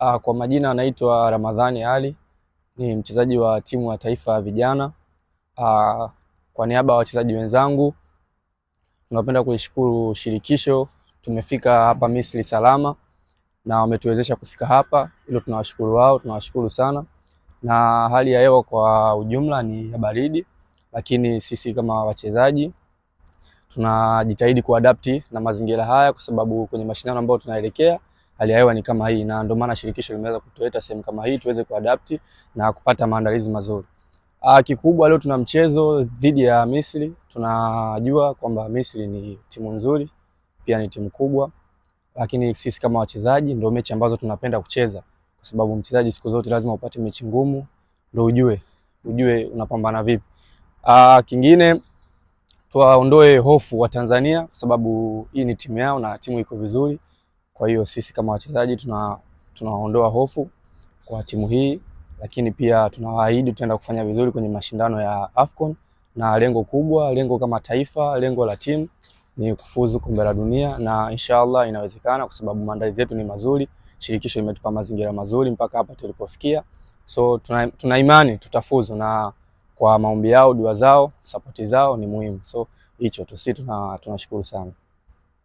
Ah, kwa majina anaitwa Ramadhani Ali, ni mchezaji wa timu ya taifa ya vijana. Ah, kwa niaba ya wachezaji wenzangu, tunapenda kuishukuru shirikisho, tumefika hapa Misri salama na wametuwezesha kufika hapa, hilo tunawashukuru wao, tunawashukuru sana. Na hali ya hewa kwa ujumla ni ya baridi, lakini sisi kama wachezaji tunajitahidi kuadapti na mazingira haya, kwa sababu kwenye mashindano ambayo tunaelekea hali ya hewa ni kama hii, na ndio maana shirikisho limeweza kutuleta sehemu kama hii tuweze kuadapti na kupata maandalizi mazuri. Ah, kikubwa leo tuna mchezo dhidi ya Misri. Tunajua kwamba Misri ni timu nzuri, pia ni timu kubwa, lakini sisi kama wachezaji ndio mechi ambazo tunapenda kucheza, kwa sababu mchezaji siku zote lazima upate mechi ngumu ndio ujue ujue unapambana vipi. Ah, kingine tuwaondoe hofu wa Tanzania kwa sababu hii ni timu yao na timu iko vizuri kwa hiyo sisi kama wachezaji tuna tunaondoa hofu kwa timu hii, lakini pia tunawaahidi tutaenda kufanya vizuri kwenye mashindano ya AFCON, na lengo kubwa, lengo kama taifa, lengo la timu ni kufuzu kombe la dunia, na inshallah inawezekana, kwa sababu maandalizi yetu ni mazuri, shirikisho limetupa mazingira mazuri mpaka hapa tulipofikia. So tuna, tuna imani tutafuzu, na kwa maombi yao, dua zao, sapoti zao ni muhimu. So hicho tu, sisi tunashukuru tuna sana.